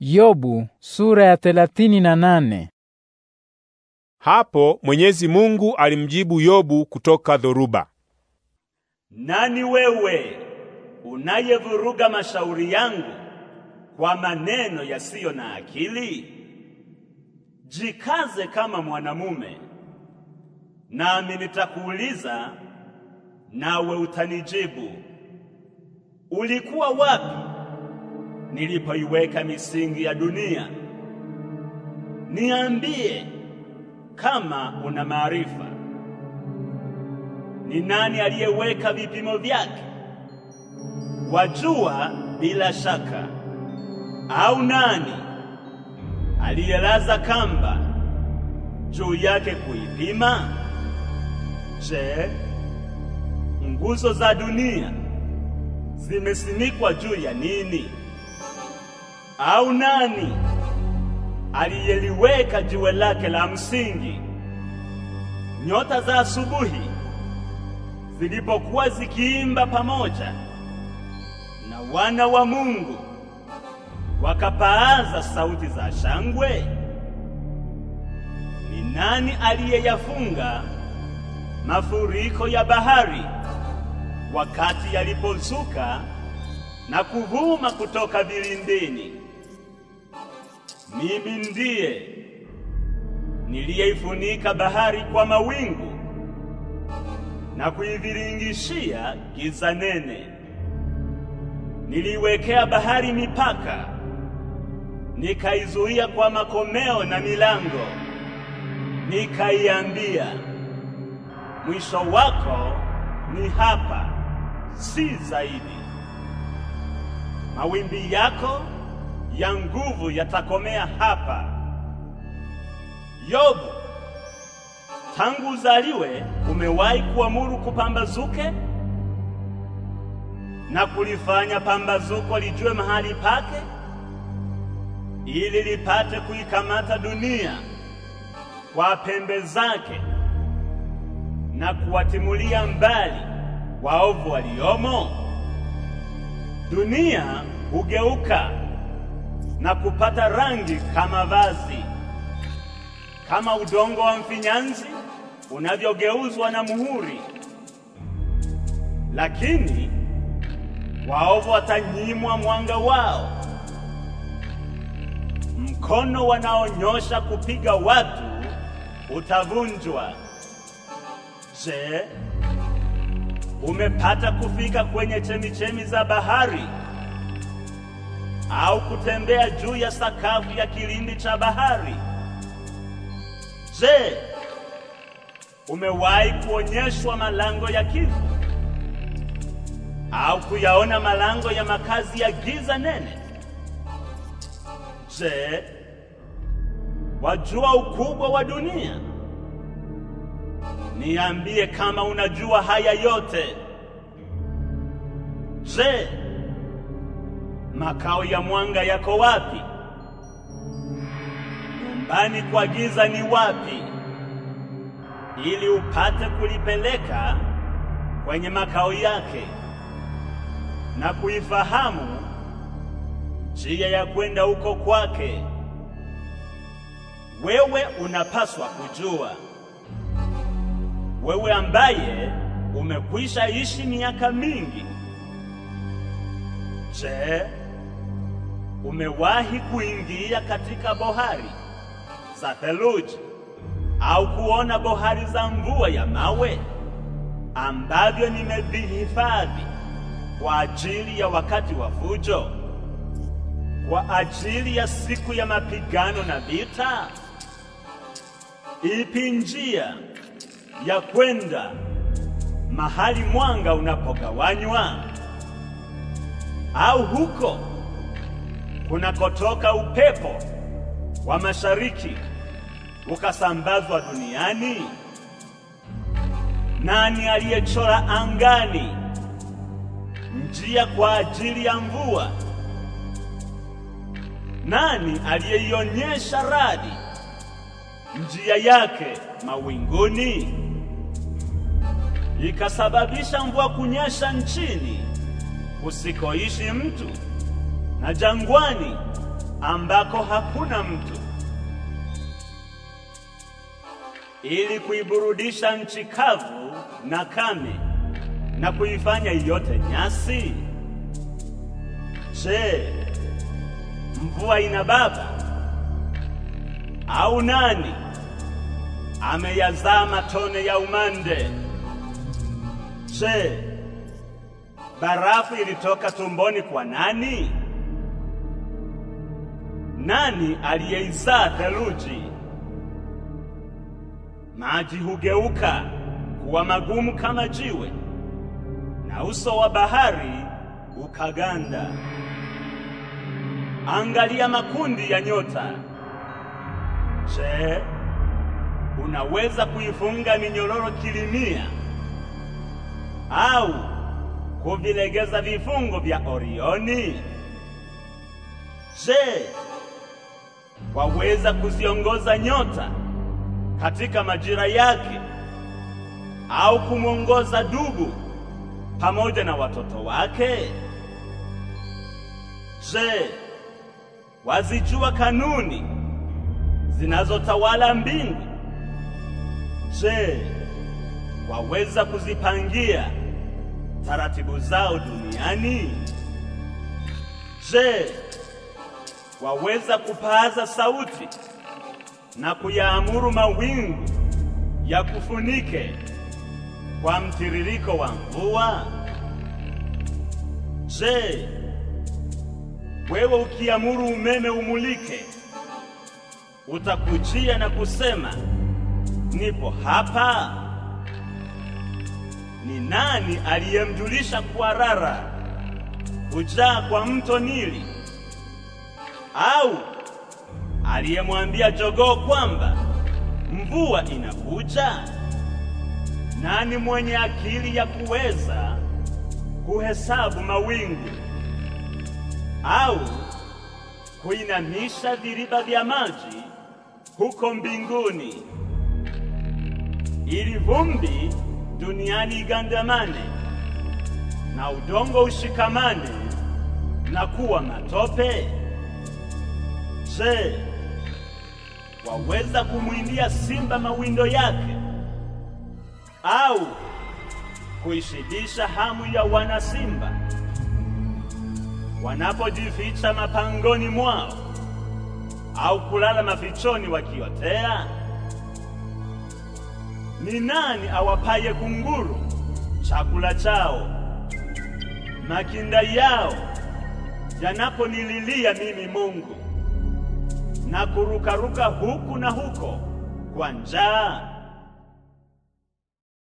Yobu sura ya na nane. Hapo Mwenyezi Mungu alimjibu Yobu kutoka dhoruba. Nani wewe unayevuruga mashauri yangu kwa maneno yasiyo na akili? Jikaze kama mwanamume, nami nitakuuliza, nawe utanijibu. Ulikuwa wapi nilipoiweka misingi ya dunia. Niambie kama una maarifa. Ni nani aliyeweka vipimo vyake? Wajua bila shaka. Au nani aliyelaza kamba juu yake kuipima? Je, nguzo za dunia zimesimikwa juu ya nini? Au nani aliyeliweka jiwe lake la msingi? Nyota za asubuhi zilipokuwa zikiimba pamoja na wana wa Mungu wakapaaza sauti za shangwe, ni nani aliyeyafunga mafuriko ya bahari wakati yalipozuka na kuvuma kutoka vilindini? Mimi ndiye niliyeifunika bahari kwa mawingu na kuiviringishia giza nene. Niliiwekea bahari mipaka, nikaizuia kwa makomeo na milango. Nikaiambia, mwisho wako ni hapa, si zaidi. Mawimbi yako ya nguvu yatakomea hapa. Yobu, tangu uzaliwe umewahi kuamuru kupambazuke na kulifanya pambazuko lijue mahali pake ili lipate kuikamata dunia kwa pembe zake na kuwatimulia mbali waovu waliomo. Dunia hugeuka na kupata rangi kama vazi, kama udongo wa mfinyanzi unavyogeuzwa na muhuri. Lakini waovu watanyimwa mwanga wao, mkono wanaonyosha kupiga watu utavunjwa. Je, umepata kufika kwenye chemichemi za bahari au kutembea juu ya sakafu ya kilindi cha bahari? Je, umewahi kuonyeshwa malango ya kifo au kuyaona malango ya makazi ya giza nene? Je, wajua ukubwa wa dunia? Niambie kama unajua haya yote. Je, Makao ya mwanga yako wapi? Nyumbani kwa giza ni wapi? Ili upate kulipeleka kwenye makao yake na kuifahamu njia ya kwenda huko kwake. Wewe unapaswa kujua, wewe ambaye umekwisha ishi miaka mingi. Je, Umewahi kuingia katika bohari za theluji au kuona bohari za mvua ya mawe ambavyo nimevihifadhi kwa ajili ya wakati wa fujo, kwa ajili ya siku ya mapigano na vita? Ipi njia ya kwenda mahali mwanga unapogawanywa au huko kunakotoka upepo wa mashariki ukasambazwa duniani? Nani aliyechora angani njia kwa ajili ya mvua? Nani aliyeionyesha radi njia yake mawinguni, ikasababisha mvua kunyesha nchini usikoishi mtu? na jangwani ambako hakuna mtu, ili kuiburudisha nchi kavu na kame na kuifanya yote nyasi? Je, mvua ina baba au nani ameyazaa matone ya umande? Je, barafu ilitoka tumboni kwa nani? nani aliyeizaa theluji? Maji hugeuka kuwa magumu kama jiwe, na uso wa bahari ukaganda. Angalia makundi ya nyota. Je, unaweza kuifunga minyororo kilimia au kuvilegeza vifungo vya Orioni? Je, waweza kuziongoza nyota katika majira yake au kumwongoza dubu pamoja na watoto wake? Je, wazijua kanuni zinazotawala mbingu? Je, waweza kuzipangia taratibu zao duniani? Je, waweza kupaza sauti na kuyaamuru mawingu yakufunike kwa mtiririko wa mvua? Je, wewe ukiamuru umeme umulike, utakujia na kusema nipo hapa? Ni nani aliyemjulisha kuarara kujaa kwa mto Nili? au aliyemwambia jogoo kwamba mvua inakuja? Nani mwenye akili ya kuweza kuhesabu mawingu au kuinamisha viriba vya maji huko mbinguni, ili vumbi duniani igandamane na udongo ushikamane na kuwa matope? mzee, waweza kumwindia simba mawindo yake au kuishibisha hamu ya wana simba wanapojificha mapangoni mwao au kulala mafichoni wakiotea? Ni nani awapaye kunguru chakula chao makinda yao yanaponililia mimi Mungu? na kurukaruka huku na huko kwa njaa